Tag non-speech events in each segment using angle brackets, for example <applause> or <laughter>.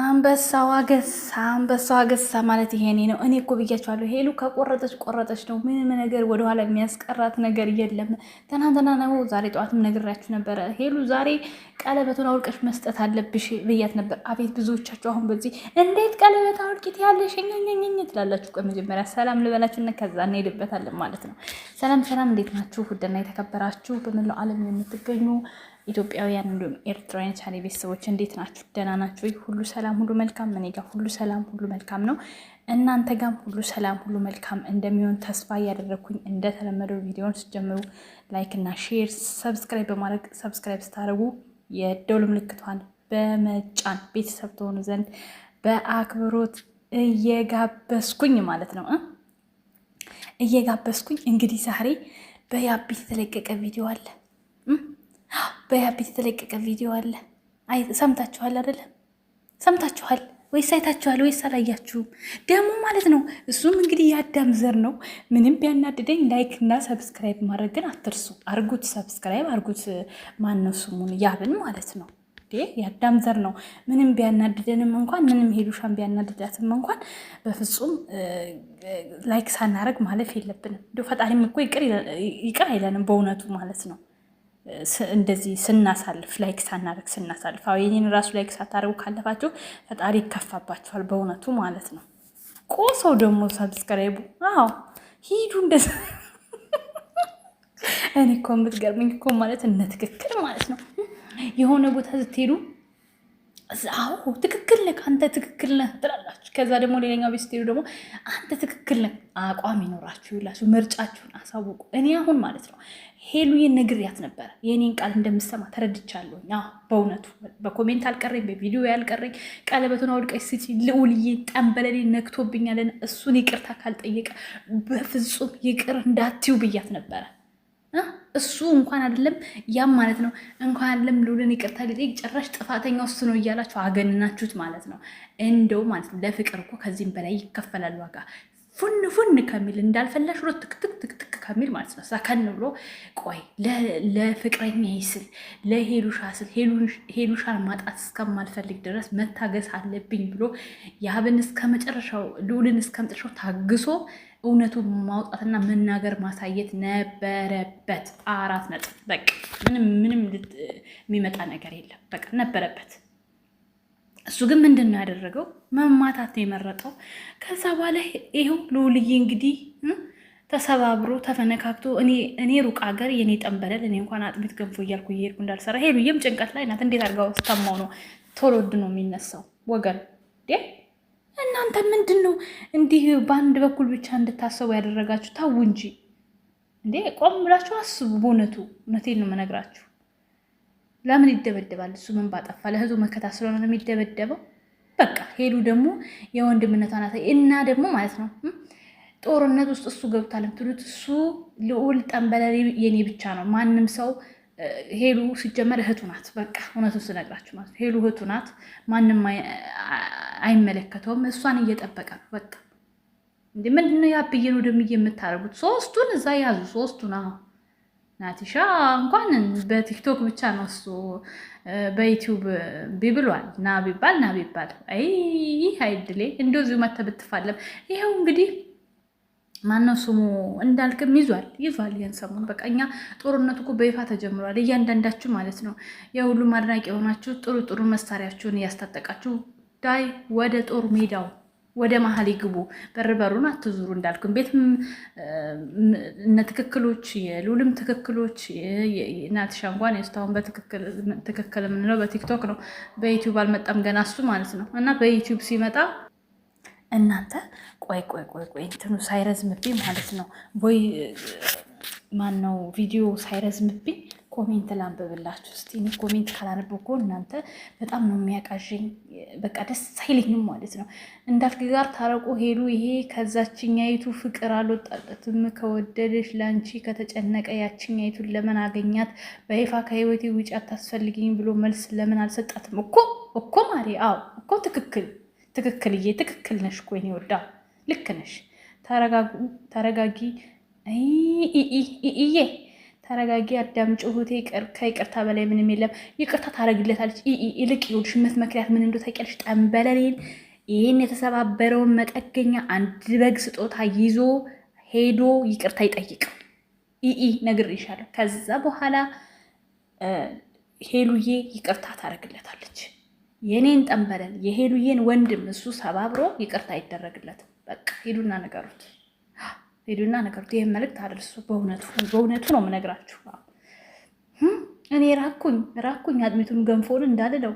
አንበሳዋ ገሳ አንበሳዋ ገሳ ማለት ይሄኔ ነው። እኔ እኮ ብያቸዋለሁ። ሄሉ ከቆረጠች ቆረጠች ነው። ምንም ነገር ወደኋላ የሚያስቀራት ነገር የለም። ትናንትና ነው ዛሬ ጠዋትም ነግራችሁ ነበረ። ሄሉ ዛሬ ቀለበቱን አውልቀሽ መስጠት አለብሽ ብያት ነበር። አቤት ብዙዎቻችሁ አሁን በዚህ እንዴት ቀለበት አውልቂት ያለሽ ኛኛኝኝ ትላላችሁ። ቆይ መጀመሪያ ሰላም ልበላችሁና ከዛ እንሄድበታለን ማለት ነው። ሰላም ሰላም፣ እንዴት ናችሁ? ውድና የተከበራችሁ በመላው ዓለም የምትገኙ ኢትዮጵያውያን እንዲሁም ኤርትራውያን ቻሌ ቤተሰቦች እንዴት ናችሁ? ደህና ናችሁ ወይ? ሁሉ ሰላም፣ ሁሉ መልካም። እኔ ጋር ሁሉ ሰላም፣ ሁሉ መልካም ነው። እናንተ ጋም ሁሉ ሰላም፣ ሁሉ መልካም እንደሚሆን ተስፋ እያደረግኩኝ እንደተለመደው ቪዲዮን ስጀምሩ ላይክ እና ሼር፣ ሰብስክራይብ በማድረግ ሰብስክራይብ ስታደርጉ የደውል ምልክቷን በመጫን ቤተሰብ ትሆኑ ዘንድ በአክብሮት እየጋበስኩኝ ማለት ነው እየጋበስኩኝ እንግዲህ ዛሬ በያቢ የተለቀቀ ቪዲዮ አለ በያቢት የተለቀቀ ቪዲዮ አለ። ሰምታችኋል አይደለም? ሰምታችኋል ወይስ አይታችኋል ወይስ አላያችሁም? ደግሞ ማለት ነው። እሱም እንግዲህ የአዳም ዘር ነው። ምንም ቢያናድደኝ ላይክ እና ሰብስክራይብ ማድረግ ግን አትርሱ። አርጉት፣ ሰብስክራይብ አርጉት። ማነው ስሙን ያብን ማለት ነው። የአዳም ዘር ነው። ምንም ቢያናድደንም እንኳን ምንም ሄዱሻን ቢያናድዳትም እንኳን በፍጹም ላይክ ሳናረግ ማለፍ የለብንም። እንዲ ፈጣሪም እኮ ይቅር አይለንም በእውነቱ ማለት ነው። እንደዚህ ስናሳልፍ ላይክ ሳናደርግ ስናሳልፍ፣ አሁ ይህን ራሱ ላይክ ሳታደርጉ ካለፋችሁ ፈጣሪ ይከፋባችኋል፣ በእውነቱ ማለት ነው። ቆሰው ደግሞ ሰብስክራይቡ። አዎ ሂዱ እንደዛ። እኔ እኮ ገርመኝ እኮ ማለት እነ ትክክል ማለት ነው የሆነ ቦታ ስትሄዱ አዎ ትክክል ነህ አንተ ትክክል ነህ ትላላችሁ። ከዛ ደግሞ ሌላኛው ቤት ስትሄዱ ደግሞ አንተ ትክክል ነህ አቋም ይኖራችሁ ይላችሁ፣ ምርጫችሁን አሳውቁ። እኔ አሁን ማለት ነው ሄሉዬን ነግሬያት ነበረ፣ የእኔን ቃል እንደምሰማ ተረድቻለሁ። በእውነቱ በኮሜንት አልቀረኝ፣ በቪዲዮ ያልቀረኝ፣ ቀለበቱን አውልቀሽ ስጪ ልዑልዬ ጠንበለሌ ነክቶብኛለን፣ እሱን ይቅርታ ካልጠየቀ በፍጹም ይቅር እንዳትዩ ብያት ነበረ። እሱ እንኳን አይደለም ያም ማለት ነው እንኳን አይደለም ልዑልን ይቅርታ ሊጠይቅ ጭራሽ ጥፋተኛው እሱ ነው እያላችሁ አገንናችሁት ማለት ነው። እንደው ማለት ነው ለፍቅር እኮ ከዚህም በላይ ይከፈላል ዋጋ። ፉን ፉን ከሚል እንዳልፈላሽ ሮ ትክትክትክትክ ከሚል ማለት ነው። ሰከን ብሎ ቆይ ለፍቅረኛ ይስል ለሄሉሻ ስል ሄሉሻን ማጣት እስከማልፈልግ ድረስ መታገስ አለብኝ ብሎ የሀብን እስከ መጨረሻው ልዑልን እስከ መጨረሻው ታግሶ እውነቱን ማውጣትና መናገር ማሳየት ነበረበት። አራት ነጥብ። በቃ ምንም ምንም የሚመጣ ነገር የለም። በቃ ነበረበት። እሱ ግን ምንድን ነው ያደረገው? መማታት ነው የመረጠው። ከዛ በኋላ ይኸው ልውልዬ እንግዲህ ተሰባብሮ ተፈነካክቶ እኔ ሩቅ ሀገር የኔ ጠንበለል እኔ እንኳን አጥሚት ገንፎ እያልኩ እየሄድኩ እንዳልሰራ ሄሉዬም ጭንቀት ላይ ናት። እንዴት አድርጋ ስተማው ነው ቶሎድ ነው የሚነሳው ወገን እናንተ ምንድን ነው እንዲህ በአንድ በኩል ብቻ እንድታሰቡ ያደረጋችሁ? ታው እንጂ እንዴ ቆም ብላችሁ አስቡ። በእውነቱ እውነቴን ነው የምነግራችሁ። ለምን ይደበደባል? እሱ ምን ባጠፋ? ለህዝቡ መከታ ስለሆነ ነው የሚደበደበው። በቃ ሄሉ ደግሞ የወንድምነቷ ናት። እና ደግሞ ማለት ነው ጦርነት ውስጥ እሱ ገብቷል የምትሉት እሱ ልዑል ጠንበለሪ የኔ ብቻ ነው። ማንም ሰው ሄሉ ሲጀመር እህቱ ናት። በቃ እውነቱን ስነግራችሁ ማለት ነው ሄሉ እህቱ ናት። ማንም አይመለከተውም። እሷን እየጠበቀ ነው። በቃ እንዲ ምንድነው ያብየን ወደምዬ የምታደርጉት? ሶስቱን እዛ ያዙ። ሶስቱን አሁን ናቲሻ እንኳን በቲክቶክ ብቻ ነው እሱ በዩቲዩብ ቢብሏል። ና ቢባል ና ቢባል ይህ አይድሌ እንደዚሁ መተ ብትፋለም ይኸው እንግዲህ ማነው ስሙ እንዳልክም ይዟል ይዟል። ያን ሰሞን በቃ እኛ ጦርነቱ እኮ በይፋ ተጀምሯል። እያንዳንዳችሁ ማለት ነው የሁሉም አድናቂ የሆናችሁ ጥሩ ጥሩ መሳሪያችሁን እያስታጠቃችሁ ዳይ ወደ ጦር ሜዳው ወደ መሀል ይግቡ በር በሩን አትዙሩ እንዳልኩም ቤት እነ ትክክሎች የሉልም ትክክሎች ናትሻ እንኳን የስታሁን በትክክል የምንለው በቲክቶክ ነው። በዩቲዩብ አልመጣም ገና እሱ ማለት ነው። እና በዩቲዩብ ሲመጣ እናንተ ቆይ ቆይ ቆይ ቆይ እንትኑ ሳይረዝምብኝ ማለት ነው ወይ ማን ነው ቪዲዮ ሳይረዝምብኝ ኮሜንት ላንብብላችሁ እስኪ። እኔ ኮሜንት ካላነበብኩ እናንተ በጣም ነው የሚያቃዥኝ፣ በቃ ደስ አይለኝም ማለት ነው። እንዳልክ ጋር ታረቁ ሄዱ። ይሄ ከዛችኛይቱ ፍቅር አልወጣለትም። ከወደደሽ ላንቺ ከተጨነቀ ያችኛይቱን ለምን አገኛት? በይፋ ከህይወቴ ውጭ አታስፈልግኝ ብሎ መልስ ለምን አልሰጣትም? እኮ እኮ ማሪ፣ አዎ እኮ ትክክል፣ ትክክልዬ፣ ትክክል ነሽ እኮ የእኔ ወዳ፣ ልክ ነሽ። ተረጋጊ እዬ ተረጋጊ፣ አዳምጪ እህቴ። ከይቅርታ በላይ ምንም የለም። ይቅርታ ታደርግለታለች። ይልቅ ይኸውልሽ የምትመክሪያት ምን እንደው ታውቂያለሽ? ጠንበለሌን ይህን የተሰባበረውን መጠገኛ አንድ በግ ስጦታ ይዞ ሄዶ ይቅርታ ይጠይቅ። ኢኢ ነግር ነግሬሻለሁ። ከዛ በኋላ ሄሉዬ ይቅርታ ታደርግለታለች። የኔን ጠንበለል የሄሉዬን ወንድም እሱ ሰባብሮ ይቅርታ አይደረግለትም። በቃ ሄዱና ነገሩት። ሄዱና ነገሩት። ይህን መልእክት አድርሱ። በእውነቱ በእውነቱ ነው የምነግራችሁ። እኔ ራኩኝ ራኩኝ አጥሚቱን ገንፎን እንዳልለው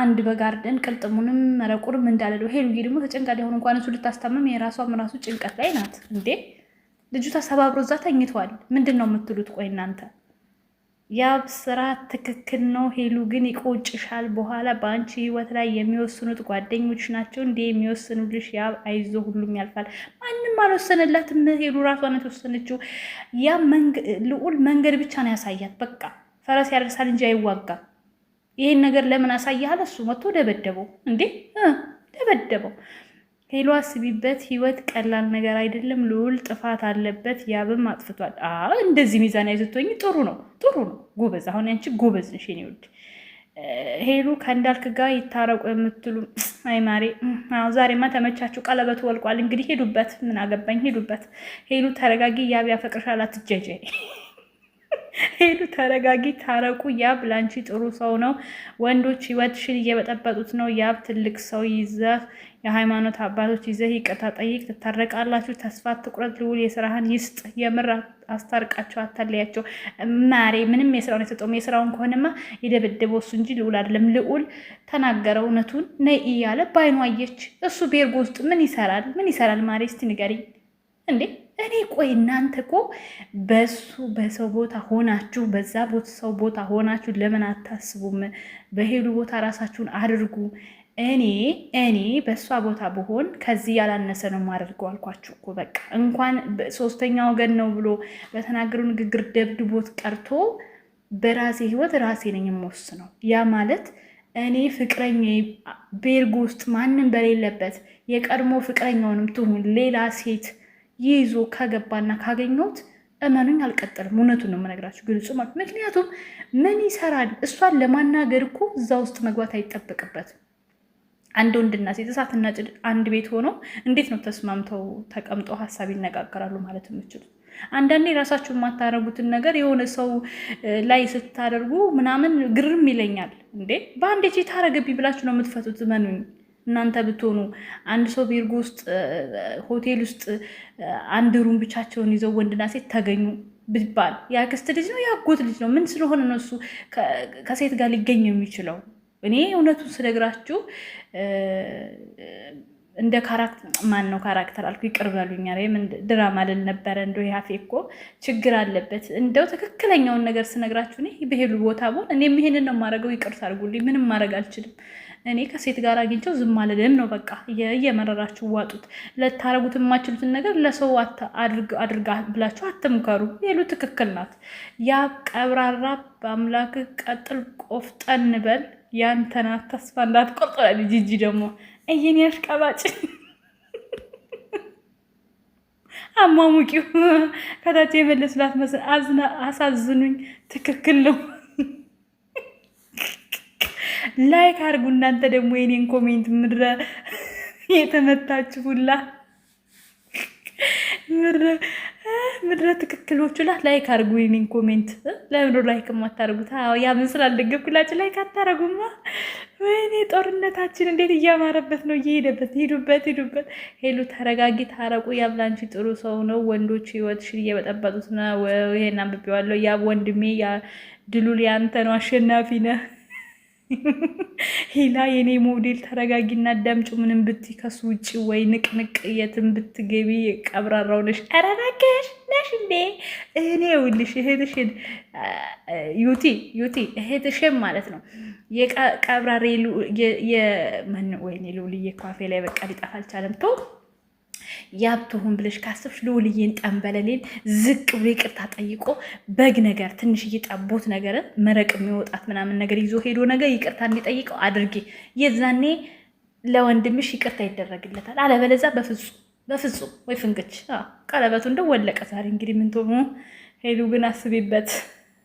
አንድ በጋርደን ቅልጥሙንም መረቁርም እንዳልለው። ሄሉዬ ደግሞ ተጨንቃ ሊሆን እንኳን እሱ ልታስታምም የራሷም ራሱ ጭንቀት ላይ ናት እንዴ ልጁ ተሰባብሮ እዛ ተኝተዋል። ምንድን ነው የምትሉት? ቆይ እናንተ ያብ ስራ ትክክል ነው። ሄሉ ግን ይቆጭሻል። በኋላ በአንቺ ህይወት ላይ የሚወስኑት ጓደኞች ናቸው እንዴ የሚወስኑልሽ? ያብ አይዞ፣ ሁሉም ያልፋል። ማንም አልወሰነላትም። ሄሉ ራሷን የተወሰነችው ያ ልዑል መንገድ ብቻ ነው ያሳያት። በቃ ፈረስ ያደርሳል እንጂ አይዋጋም። ይሄን ነገር ለምን አሳያል እሱ መጥቶ ደበደበው እንዴ፣ ደበደበው። ሄሎ አስቢበት። ህይወት ቀላል ነገር አይደለም። ልዑል ጥፋት አለበት፣ ያብም አጥፍቷል። እንደዚህ ሚዛን ስትሆኝ ጥሩ ነው፣ ጥሩ ነው። ጎበዝ። አሁን ያንቺ ጎበዝ ነሽ የኔ ውድ። ሄሉ ከእንዳልክ ጋር ይታረቁ የምትሉ አይ ማሬ፣ ዛሬማ ተመቻችሁ። ቀለበቱ ወልቋል። እንግዲህ ሄዱበት፣ ምን አገባኝ፣ ሄዱበት። ሄሉ ተረጋጊ፣ ያብ ያፈቅርሻል፣ አትጀጀ ሄዱ ተረጋጊ፣ ታረቁ። ያብ ላንቺ ጥሩ ሰው ነው። ወንዶች ህይወትሽን እየበጠበጡት ነው። ያብ ትልቅ ሰው ይዘህ የሃይማኖት አባቶች ይዘህ ይቅርታ ጠይቅ። ትታረቃላችሁ። ተስፋ ትቁረጥ። ልውል የስራህን ይስጥ። የምር አስታርቃቸው፣ አታለያቸው። ማሬ ምንም የስራውን የተጠሙ የስራውን ከሆነማ የደበደበው እሱ እንጂ ልውል አይደለም። ልዑል ተናገረ እውነቱን ነይ እያለ ባይኗ አየች። እሱ ቤርጎ ውስጥ ምን ይሰራል? ምን ይሰራል? ማሬ እስቲ ንገሪኝ እንዴ እኔ ቆይ እናንተ እኮ በሱ በሰው ቦታ ሆናችሁ በዛ ሰው ቦታ ሆናችሁ ለምን አታስቡም? በሄዱ ቦታ ራሳችሁን አድርጉ። እኔ እኔ በእሷ ቦታ ብሆን ከዚህ ያላነሰ ነው ማደርገው። አልኳችሁ እኮ በቃ እንኳን ሶስተኛ ወገን ነው ብሎ በተናገሩ ንግግር ደብድቦት ቀርቶ በራሴ ህይወት ራሴ ነኝ የምወስነው። ያ ማለት እኔ ፍቅረኛ ቤርግ ውስጥ ማንም በሌለበት የቀድሞ ፍቅረኛውንም ትሁን ሌላ ሴት ይዞ ከገባና ካገኘሁት እመኑኝ አልቀጥልም። እውነቱን ነው የምነግራችሁ፣ ግልጹ ማለት ምክንያቱም ምን ይሰራል? እሷን ለማናገር እኮ እዛ ውስጥ መግባት አይጠበቅበትም። አንድ ወንድና ሴት እሳትና ጭድ አንድ ቤት ሆነው እንዴት ነው ተስማምተው ተቀምጠው ሀሳብ ይነጋገራሉ ማለት የምችሉ? አንዳንዴ የራሳችሁ የማታደርጉትን ነገር የሆነ ሰው ላይ ስታደርጉ ምናምን ግርም ይለኛል። እንዴ በአንድ ቼ ታረገብኝ ብላችሁ ነው የምትፈቱት? እመኑኝ እናንተ ብትሆኑ አንድ ሰው ቤርጎ ውስጥ ሆቴል ውስጥ አንድ ሩም ብቻቸውን ይዘው ወንድና ሴት ተገኙ ብባል የአክስት ልጅ ነው የአጎት ልጅ ነው ምን ስለሆነ ነው እሱ ከሴት ጋር ሊገኝ የሚችለው? እኔ እውነቱን ስነግራችሁ እንደ ካራክተር ማን ነው ካራክተር አልኩ፣ ይቅር በሉኛል። ወይም ድራማ ልል ነበረ። እንደው ያፌ እኮ ችግር አለበት። እንደው ትክክለኛውን ነገር ስነግራችሁ እኔ በሄሉ ቦታ በሆን እኔም ይሄንን ነው የማደርገው። ይቅርታ አድርጉልኝ፣ ምንም ማድረግ አልችልም። እኔ ከሴት ጋር አግኝቸው ዝም አልልም ነው በቃ። እየመረራችሁ ዋጡት። ለታረጉት የማችሉትን ነገር ለሰው አድርጋ ብላችሁ አትምከሩ። ሄሉ ትክክል ናት። ያ ቀብራራ በአምላክ ቀጥል፣ ቆፍጠን በል ያንተናት፣ ተስፋ እንዳትቆርጥ። ጂጂ ደግሞ እየኔ አሽቃባጭ አሟሙቂው ከታች የመለሱላት መስል አዝና አሳዝኑኝ። ትክክል ነው። ላይክ አድርጉ። እናንተ ደግሞ የኔን ኮሜንት ምድረ የተመታችሁ ሁላ ምድረ ምድረ ትክክሎቹ ላ ላይክ አርጉ፣ የእኔን ኮሜንት። ለምዶ ላይክ ማታደርጉት? ያምን ስላልደገብኩላችሁ ላይክ አታረጉማ። ወይኔ ጦርነታችን እንዴት እያማረበት ነው! እየሄደበት ሂዱበት፣ ሂዱበት። ሄሉ ተረጋጊ፣ ታረቁ። ያብላንቺ ጥሩ ሰው ነው። ወንዶች ህይወትሽን እየበጠበጡት ነው። ይሄን አንብቤዋለሁ። ያ ወንድሜ፣ ድሉል ያንተ ነው። አሸናፊ ነህ። <laughs> ሄላ የኔ ሞዴል ተረጋጊና አዳምጪ። ምንም ብት ከሱ ውጭ ወይ ንቅንቅ የትን ብትገቢ ቀብራራው ነሽ። ኧረ እባክሽ ነሽ እንዴ? እኔ ውልሽ እህትሽን ዩቲ ዩቲ እህትሽን ማለት ነው የቀብራሬ ወይ ልውልዬ ካፌ ላይ በቃ ሊጠፋ አልቻለም ቶ ያብትሁን ብለሽ ካስብሽ ልውልዬን ጠንበለሌን ዝቅ ብሎ ይቅርታ ጠይቆ በግ ነገር ትንሽዬ ጠቦት ነገር መረቅ የሚወጣት ምናምን ነገር ይዞ ሄዶ ነገር ይቅርታ እንዲጠይቀው አድርጌ የዛኔ ለወንድምሽ ይቅርታ ይደረግለታል። አለበለዛ በፍጹም በፍጹም ወይ ፍንክች ቀለበቱ እንደወለቀ ዛሬ እንግዲህ ምን ሄዱ ግን አስቤበት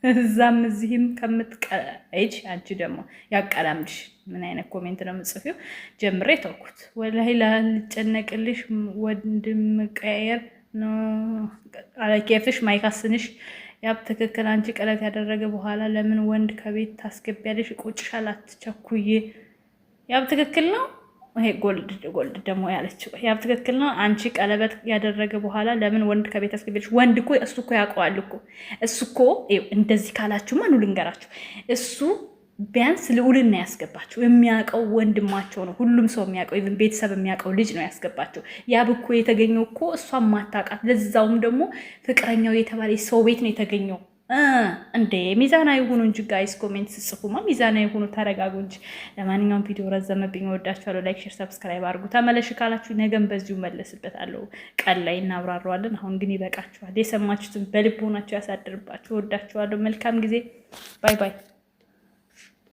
እዛም እዚህም ከምትቀይጭ አንቺ ደግሞ ያቀላምድሽ። ምን አይነት ኮሜንት ነው የምጽፊው? ጀምሬ ተውኩት። ወላሂ ላልጨነቅልሽ ወንድም ቀየር አለኬፍሽ ማይካስንሽ ያብ ትክክል። አንቺ ቀለት ያደረገ በኋላ ለምን ወንድ ከቤት ታስገቢያለሽ? ቁጭሻል። አትቸኩዬ። ያብ ትክክል ነው። ይሄ ጎልድ ጎልድ ደግሞ ያለችው ያብ ትክክል ነው። አንቺ ቀለበት ያደረገ በኋላ ለምን ወንድ ከቤት አስገቢልሽ? ወንድ እኮ እሱ እኮ ያውቀዋል እኮ እሱ እኮ እንደዚህ ካላችሁ ማኑ ልንገራችሁ፣ እሱ ቢያንስ ልዑልና ያስገባችሁ የሚያውቀው ወንድማቸው ነው። ሁሉም ሰው የሚያውቀው ኢቭን ቤተሰብ የሚያውቀው ልጅ ነው ያስገባችሁ። ያብ እኮ የተገኘው እኮ እሷ ማታውቃት፣ ለዛውም ደግሞ ፍቅረኛው የተባለ ሰው ቤት ነው የተገኘው እንዴ ሚዛናዊ ሁኑ እንጂ ጋይስ፣ ኮሜንት ስጽፉማ ሚዛና ሁኑ፣ ተረጋጉ እንጂ። ለማንኛውም ቪዲዮ ረዘመብኝ፣ ወዳችኋለሁ። ላይክ፣ ሼር፣ ሰብስክራይብ አድርጉ። ተመለሽ ካላችሁ ነገም በዚሁ መለስበታለሁ። ቀን ላይ እናብራረዋለን። አሁን ግን ይበቃችኋል። የሰማችሁትን በልብ ሆናችሁ ያሳድርባችሁ። ወዳችኋለሁ። መልካም ጊዜ። ባይ ባይ።